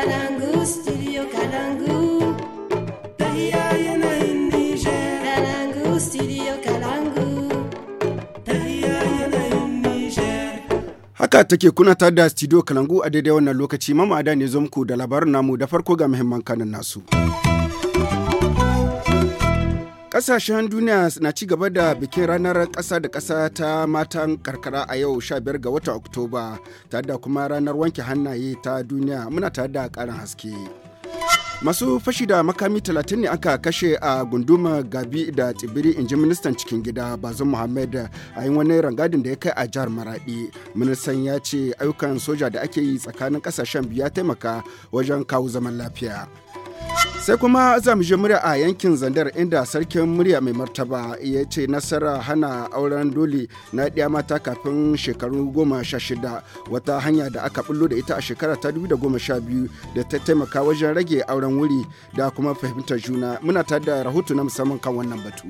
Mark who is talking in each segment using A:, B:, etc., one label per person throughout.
A: Kalangu, studio Kalangu. Tahia yanayin Niger. Kalangu, studio Kalangu. Tahia
B: yanayin Niger. Haka take kuna ta da studio Kalangu a daidai wannan lokaci mamada ne zo muku da labarin namu da farko ga muhimman kanin nasu. Ƙasashen duniya na ci gaba da bikin ranar ƙasa da ƙasa ta matan karkara a yau 15 ga watan Oktoba, tare da kuma ranar wanke hannaye ta duniya muna tare da ƙarin haske. Masu fashi da makami 30 ne aka kashe a gunduma Gabi da Tsibiri inji ministan cikin gida Bazin Muhammad a yin wani rangadin da ya kai a jihar Maradi. Ministan ya ce ayyukan soja da ake yi tsakanin ƙasashen biya taimaka wajen kawo zaman lafiya. sai kuma za mu je murya a yankin zandar inda sarkin murya mai martaba ya ce nasara hana auren dole na ɗaya mata kafin shekaru goma sha shida wata hanya da aka bullo da ita a shekara ta dubu da goma sha biyu da ta taimaka wajen rage auren wuri da kuma fahimtar juna muna tare da rahoto na musamman kan wannan batu.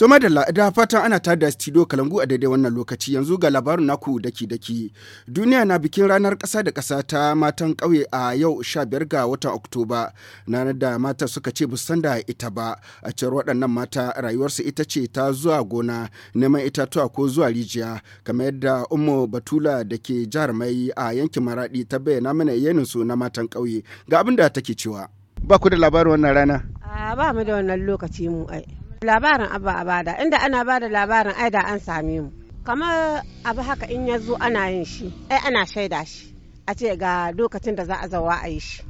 B: To madalla da fatan ana ta da studio Kalangu a daidai wannan lokaci yanzu ga labarin naku daki daki. Duniya na bikin ranar ƙasa da ƙasa ta matan ƙauye a yau 15 ga watan Oktoba. Na da mata suka ce san da ita ba. A cewar waɗannan mata rayuwarsu ita ce ta zuwa gona neman itatuwa ko zuwa rijiya kamar yadda Ummu Batula da ke jihar mai, a yankin maraɗi ta bayyana mana su na matan ƙauye ga abin da take cewa. Ba ku da labarin wannan rana?
A: A ba mu da wannan lokaci mu ai. labarin abu a bada inda ana bada labarin ai da an same mu kamar abu haka in ya zo ana yin shi ai ana shaida shi a ce ga lokacin da za a zawa a yi shi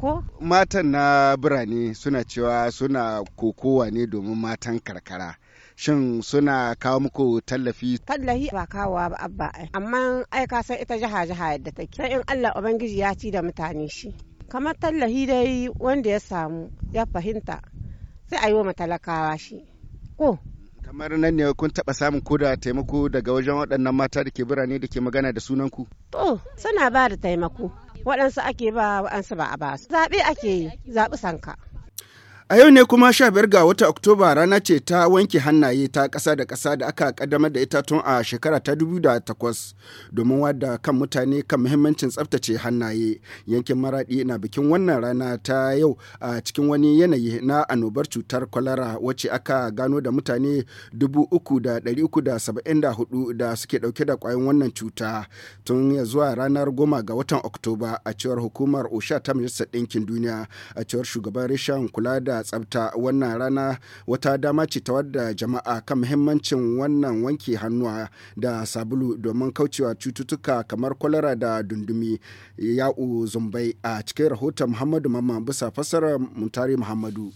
A: ko
B: matan na birane suna cewa suna kokowa ne domin matan karkara shin suna kawo muku tallafi
A: tallafi ba kawowa ba abba amma ai ka san ita jiha jiha yadda take sai in Allah ubangiji ya ci da mutane shi kamar tallahi dai wanda ya samu ya fahimta sai a yi wa matalakawa shi ko
B: kamar nan ne kun taba samun ko da taimako daga wajen waɗannan mata da ke birane da ke magana da sunan ku
A: to suna ba da taimako waɗansu ake ba waɗansu ba a ba su zaɓe ake yi zaɓi sanka
B: A yau ne kuma 15 ga wata Oktoba rana ce ta wanke hannaye ta kasa da kasa da aka kaddamar da ita tun a shekara ta 2008 domin wada kan mutane kan muhimmancin tsaftace hannaye. Yankin Maraɗi na bikin wannan rana ta yau a cikin wani yanayi na annobar cutar kwalara wacce aka gano da mutane 3,374 da suke ɗauke da ƙwayoyin wannan cuta tun ya zuwa ranar goma ga watan Oktoba a cewar hukumar OSHA ta Majalisar Ɗinkin Duniya a cewar shugaban reshen kula da tsafta wannan rana wata dama ce ta wadda jama'a kan muhimmancin wannan wanke hannuwa da sabulu domin kaucewa cututtuka kamar kwalara da dundumi ya'u zumbai a cikin rahoton muhammadu mamman bisa fassarar muntari muhammadu.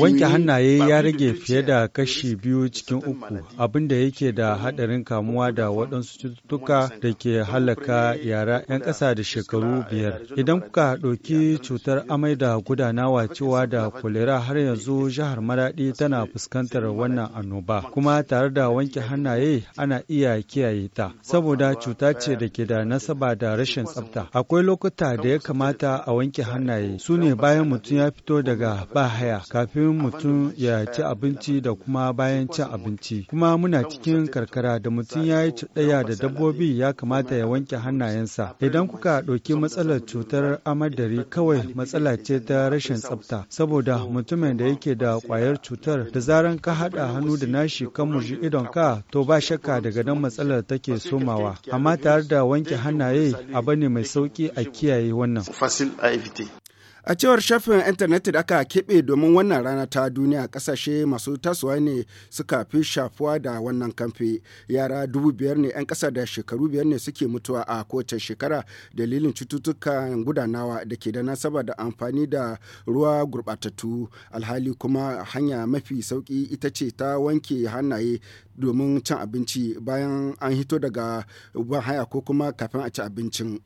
B: Wanke hannaye ya
A: rage fiye da kashi biyu cikin uku abinda yake da haɗarin kamuwa da waɗansu cututtuka da ke halaka yara 'yan ƙasa da shekaru biyar. Idan kuka ɗauki cutar amai da gudanawa cewa da kulera har yanzu jihar Maraɗi tana fuskantar wannan annoba kuma tare da wanke hannaye ana iya kiyaye ta saboda cuta ce da ke da nasaba da rashin tsafta. Akwai lokuta da ya kamata a wanke hannaye su ne bayan mutum ya fito daga daga bahaya kafin mutum ya ci abinci da kuma bayan cin abinci. Kuma muna cikin karkara da mutum ya yi cuɗaya da dabbobi ya kamata ya wanke hannayensa. Idan kuka ɗauki matsalar cutar amadari kawai matsala ce ta rashin tsafta saboda mutumin da yake da ƙwayar cutar da zaran ka haɗa hannu da nashi kan muji idon ka to ba shakka daga nan matsalar take somawa. Amma tare da wanke hannaye abu ne mai sauƙi a kiyaye wannan.
B: A cewar shafin intanet da aka keɓe domin wannan rana ta duniya ƙasashe masu tasowa ne suka fi shafuwa da wannan kamfe. Yara dubu biyar ne 'yan ƙasa da shekaru biyar ne suke mutuwa a kowace shekara dalilin cututtukan gudanawa da ke da nasaba da amfani da ruwa gurɓatattu. Alhali kuma hanya mafi sauki ita ce ta wanke hannaye domin cin abinci bayan an hito daga haya ko kuma kafin a ci abincin.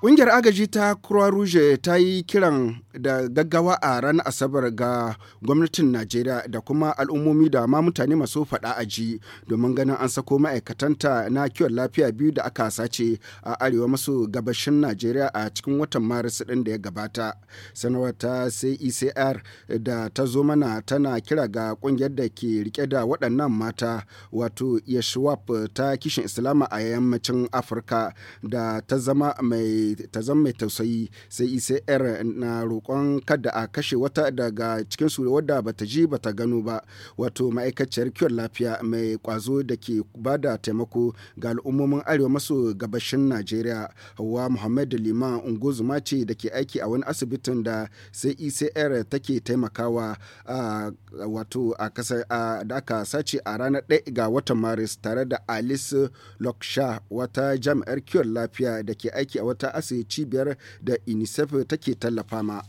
B: Ƙungiyar agaji ta Croix Rouge ta yi kiran da gaggawa a ranar Asabar ga gwamnatin Najeriya da kuma al'ummomi da ma mutane masu faɗa aji domin ganin an sako ma'aikatanta na kiwon lafiya biyu da aka sace a arewa masu gabashin Najeriya a cikin watan Maris ɗin da ya gabata. Sanarwar ta e CECR da ta zo mana tana kira ga ƙungiyar da ke rike da waɗannan mata wato Yeshwap ta kishin Islama a yammacin Afirka da ta zama mai ta zama mai tausayi sai icr e na roƙon kada a kashe wata daga su wadda bata ji bata gano ba wato ma'aikaciyar kiwon lafiya mai kwazo da ke ba da taimako ga al'ummomin arewa maso gabashin najeriya hawa muhammad liman unguzuma ce da ke aiki a wani asibitin da sai ecr take taimakawa a wato a a da aka sace a ranar 1 ga watan maris tare da alice loksha wata jami'ar kiwon lafiya da ke aiki a wata asiri cibiyar da unicef take tallafa ma.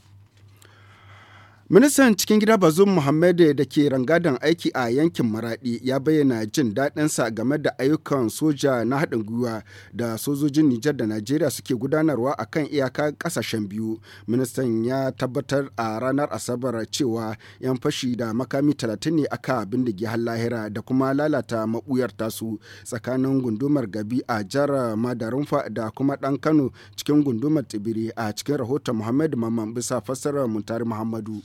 B: Ministan cikin gida Bazum Muhammad da ke rangadan aiki a yankin Maradi ya bayyana jin daɗinsa game da ayyukan soja na haɗin gwiwa da sojojin Nijar da Najeriya suke gudanarwa a kan iyaka ƙasashen biyu. Ministan ya tabbatar a ranar Asabar cewa 'yan fashi da makami talatin ne aka bindige har lahira da kuma lalata maɓuyar tasu tsakanin gundumar Gabi a jara Madarunfa da kuma ɗan Kano cikin gundumar Tibiri a cikin rahoton Muhammad Mamman bisa fassarar Muntari Muhammadu.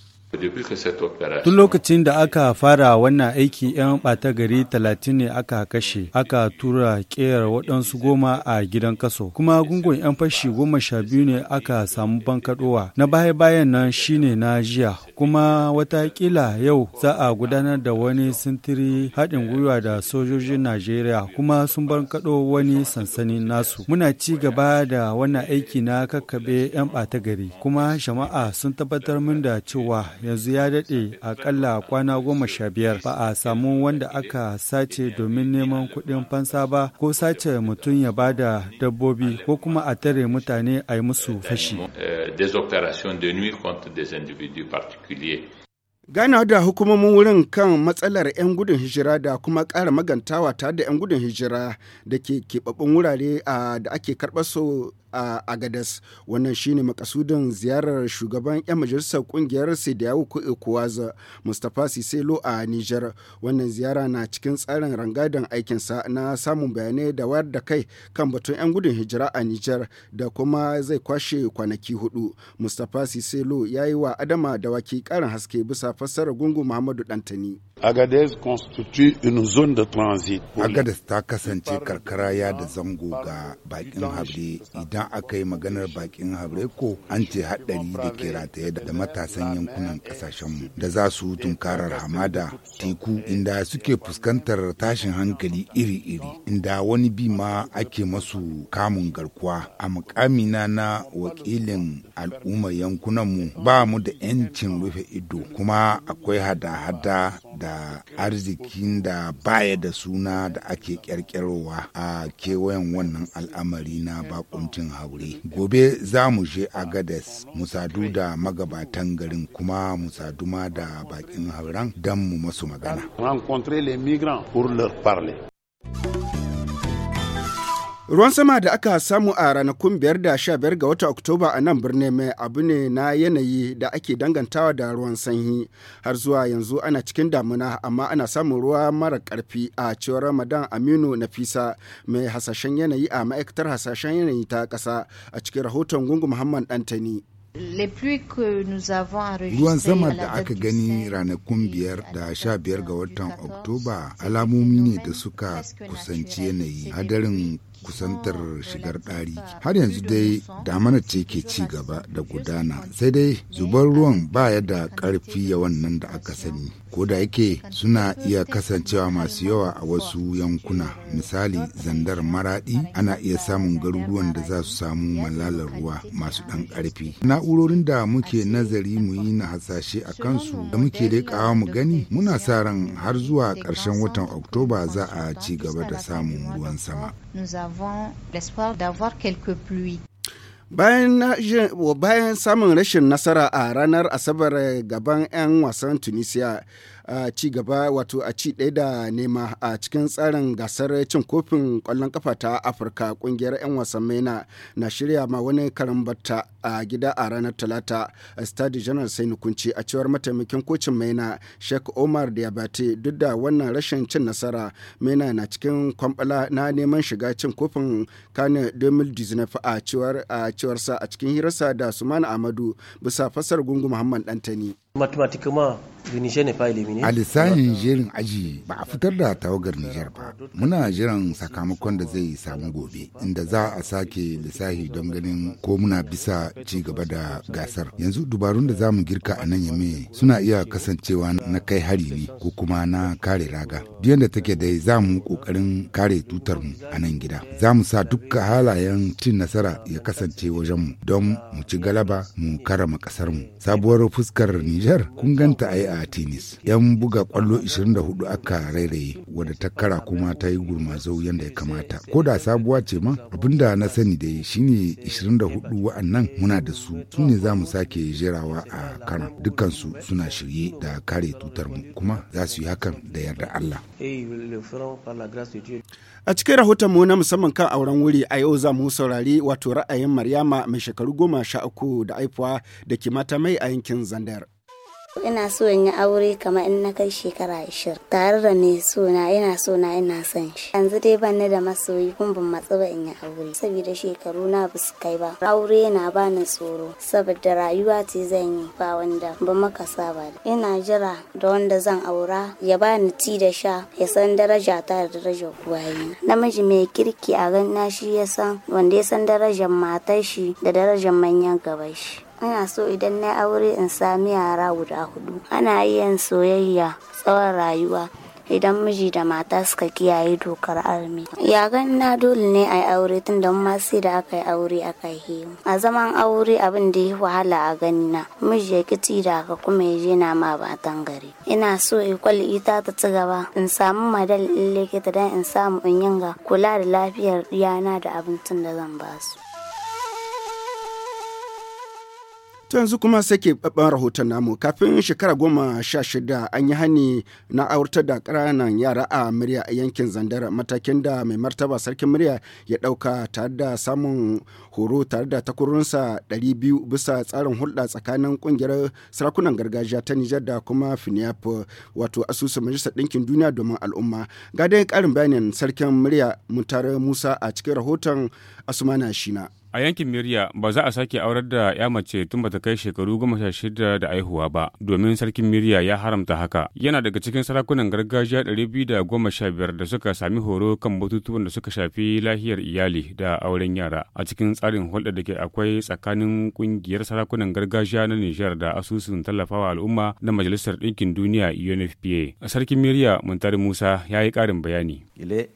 A: Tun lokacin da aka fara wannan aiki 'yan ɓata gari talatin ne aka kashe, aka tura ƙeyar waɗansu goma a gidan kaso. Kuma gungun 'yan fashi goma sha biyu ne aka samu bankaɗowa. Na baya-bayan nan shine na jiya, kuma watakila yau za a gudanar da wani sintiri haɗin gwiwa da sojojin Najeriya kuma sun bankaɗo wani sansanin nasu. Muna ci gaba da wannan aiki na kakkaɓe 'yan ɓata gari, kuma jama'a sun tabbatar min da cewa yanzu ya daɗe akalla kwana goma sha biyar ba a samu wanda aka sace domin neman kuɗin fansa ba ko sace mutum ya ba da dabbobi ko kuma a tare mutane a yi musu fashi.
C: Euh,
B: Gana da hukumomin wurin kan matsalar 'yan gudun hijira da kuma ƙara magantawa tare da 'yan gudun hijira da ke keɓaɓɓun wurare da ake karɓar su a agadas wannan shine makasudin ziyarar shugaban 'yan majalisar kungiyar sidiyawu ko ikuwaza mustapha siselo a niger wannan ziyara na cikin tsarin rangadin aikinsa na samun bayanai da wayar da kai kan batun 'yan gudun hijira a niger da kuma zai kwashe kwanaki hudu mustapha siselo ya yi wa adama dawaki karin haske bisa fassarar gungun muhammadu dantani
D: Agadez constitue une zone de transit. Agadez ta kasance karkara ya da zango ga bakin habre idan aka yi maganar bakin habre ko an ce haɗari da ke rataye da matasan yankunan mu. da za su tunkarar hamada teku inda suke fuskantar tashin hankali iri-iri inda wani bi ma ake masu kamun garkuwa a mukamina na wakilin al'ummar mu. ba mu da 'yancin rufe ido kuma akwai hada-hada da arzikin da baya da suna da ake kyarkyarowa a kewayen wannan al'amari na bakuncin haure gobe za mu je agades musadu da magabatan garin kuma musadu ma da bakin hauren don mu masu magana
B: Ruwan sama da aka samu a ranakun biyar da sha ga wata Oktoba a nan birnin mai abu ne na yanayi da ake dangantawa da ruwan sanyi. Har zuwa yanzu ana cikin damuna amma ana samun ruwa mara karfi a cewar Ramadan Aminu Nafisa mai hasashen yanayi a ma'aikatar hasashen yanayi ta ƙasa a cikin rahoton Gungu Muhammad Dantani.
A: Ruwan sama da aka
D: gani ranakun biyar da sha biyar ga watan Oktoba alamomi ne da suka kusanci yanayi hadarin kusantar oh, shigar ɗari har yanzu dai damana ce ke ci gaba da gudana sai dai zubar ruwan baya da ƙarfi ya wannan da aka sani ko da yake suna iya kasancewa masu yawa a wasu yankuna misali zandar maraɗi ana iya samun garuruwan da za su samu malalar ruwa masu ɗan ƙarfi na'urorin da muke nazari mu yi na hasashe a kansu da muke dai kawo mu gani muna sa ran har zuwa ƙarshen watan oktoba za a ci gaba da samun ruwan sama nous avons l'espoir d'avoir quelques pluies.
B: Bayan, samun rashin nasara a ranar Asabar gaban 'yan wasan Tunisia, a ci gaba wato a ci ɗaya da nema a cikin tsarin gasar cin kofin ƙwallon kafa ta Afirka ƙungiyar 'yan wasan maina na shirya ma wani batta a gida a ranar Talata a stadi janar sai nukunci a cewar mataimakin kocin maina shek Omar da Diabate duk da wannan rashin cin nasara maina na cikin kwambala na neman shiga cin kofin Kane 2019 a cewar a a cikin hirarsa da Suman amadu bisa fasar gungu Muhammad Dantani.
D: A lissafin jerin aji ba a fitar da tawagar Nijar ba. Muna jiran sakamakon da zai samu gobe, inda za a sake lissafi don ganin ko muna bisa ci gaba da gasar. Yanzu dubarun da za mu girka a nan yame suna iya kasancewa na kai hari ne ko kuma na kare raga. Biyan da take dai za mu kokarin kare tutar mu a nan gida. Za mu sa dukkan halayen cin nasara ya kasance wajen mu don mu ci galaba mu karama kasar mu. Sabuwar fuskar Nijar kun ganta a tenis yan buga kwallo 24 aka rairaye wadda ta kara kuma ta yi gurmazau yadda ya kamata ko da sabuwa ce ma abinda na sani dai shine 24 wa'annan muna da su su ne za mu sake jerawa a kano dukansu suna shirye da kare tutar mu kuma za su yi hakan da yarda Allah
B: a cikin rahoton mu na musamman kan auren wuri a yau za mu saurari wato ra'ayin Maryama mai shekaru goma sha uku da aifuwa da ke mata mai a yankin Zandar.
E: ina so in yi aure kamar in na kai shekara ashirin tare da mai sona ina na ina son shi yanzu dai ban da masoyi kun ban matsu ba in yi aure saboda shekaru na ba su kai ba aure na bani tsoro saboda rayuwa ce zan yi ba wanda ba maka saba ina jira da wanda zan aura ya bani ci da sha ya san daraja ta da darajar uwaye namiji mai kirki a ganna shi ya san wanda ya san darajar matar shi da darajar manyan gaban shi ana so idan na aure in sami yara guda hudu ana yin soyayya tsawon rayuwa idan miji da mata suka kiyaye dokar armi ya na dole ne a yi aure tun da ma sai da aka yi aure aka yi a zaman aure abin da ya wahala a gani na miji ya kici da aka kuma ya je na ma batan gari ina so ikwal ita ta ci gaba in samu madal in likita dan in samu in yanga kula da lafiyar yana da abincin da zan basu
B: To yanzu kuma sake ke babban rahoton namu kafin shekara goma sha shida an yi hani na aurtar da ƙananan yara a murya a yankin zandar matakin da mai martaba sarkin murya ya ɗauka tare da samun horo tare da takwarorinsa ɗari biyu bisa tsarin hulɗa tsakanin ƙungiyar sarakunan gargajiya ta Nijar da kuma FINIAP e wato asusun majalisar ɗinkin duniya domin al'umma. Ga dai ƙarin bayanin sarkin murya Mutare Musa a cikin rahoton Asumana Shina.
C: A yankin Miriya ba za a sake aurar da ya mace tun ba ta kai shekaru goma sha shida da aihuwa ba, domin sarkin Miriya ya haramta haka. Yana daga cikin sarakunan gargajiya ɗari biyu da goma sha biyar da suka sami horo kan batutuwan da suka shafi lahiyar iyali da auren yara a cikin tsarin hulɗa da ke akwai tsakanin ƙungiyar sarakunan gargajiya na Nijar da asusun tallafawa al'umma na Majalisar Ɗinkin Duniya UNFPA. Sarkin Miriya Muntari Musa ya yi ƙarin bayani.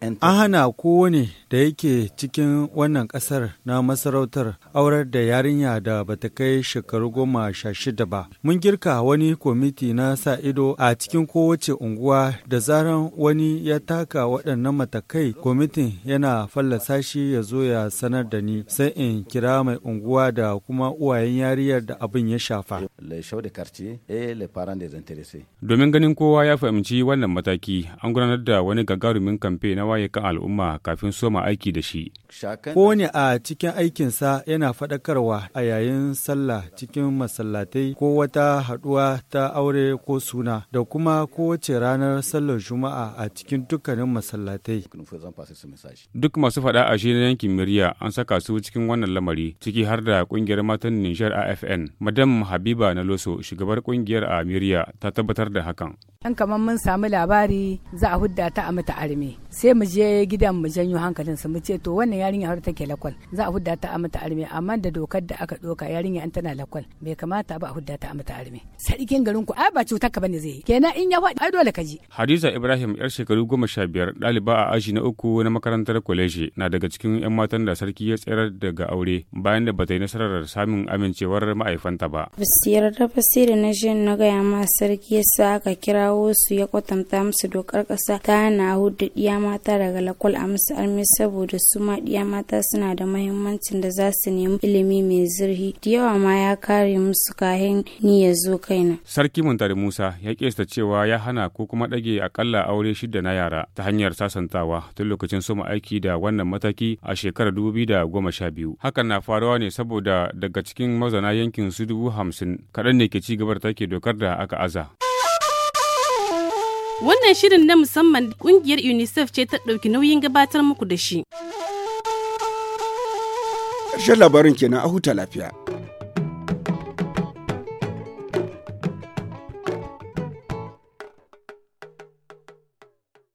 C: An
A: hana kowane da yake cikin wannan ƙasar na Masar masarautar aurar da yarinya da bata kai shekaru goma sha shida ba. Mun girka wani kwamiti na sa ido a cikin kowace unguwa da zaran wani ya taka waɗannan matakai kwamitin yana fallasa shi ya zo ya sanar da ni sai in kira mai unguwa da kuma uwayen yariyar da abin ya shafa.
C: Domin ganin kowa ya fahimci wannan mataki an gudanar da wani gagarumin kamfe na waye al'umma kafin soma aiki da shi. Kowane a
A: cikin aiki aikinsa yana faɗakarwa a yayin sallah cikin masallatai ko wata haɗuwa ta aure ko suna da kuma kowace ranar sallar juma'a a cikin dukkanin masallatai.
C: Duk masu faɗa a shirin yankin Miriya an saka su cikin wannan lamari ciki har da ƙungiyar matan Nijar AFN. Madam Habiba Naloso shugabar ƙungiyar a Miriya ta tabbatar da hakan.
A: An kamar mun samu labari za a hudda ta a mata arme sai mu je gidan mu janyo hankalin mu ce to wannan yarinya har take lakwal za a hudda kamata a mata arme amma da dokar da aka doka yarinya an tana lakwal bai kamata ba a hudda ta a mata arme sarkin garin ku ai ba cutar ka bane zai kenan in ya faɗi ai dole ka ji
C: Hadiza Ibrahim yar shekaru goma sha biyar ɗaliba a aji na uku na makarantar kwaleji na daga cikin 'yan matan da sarki ya tsayar daga aure bayan da bata yi nasarar samun amincewar ma'aifanta ba.
E: Basira da basira na shi na gaya ma sarki ya sa aka kirawo su ya kwatanta musu dokar ƙasa ta na hudu ɗiya mata daga lakwal a musu arme saboda su ma ɗiya mata suna da mahimmanci lokacin da za su nemi ilimi mai zurfi da yawa ma ya kare musu kahin ni ya zo kaina.
C: Sarki Muntari Musa ya kesta cewa ya hana ko kuma ɗage akalla aure shida na yara ta hanyar sasantawa tun lokacin soma aiki da wannan mataki a shekarar dubu da goma sha biyu. Hakan na faruwa ne saboda daga cikin mazana yankin su dubu hamsin kaɗan ne ke ci gaba da take dokar da aka aza.
E: Wannan shirin na musamman
B: ƙungiyar UNICEF ce ta ɗauki nauyin gabatar muku da shi. Ƙarshen labarin kenan a huta lafiya.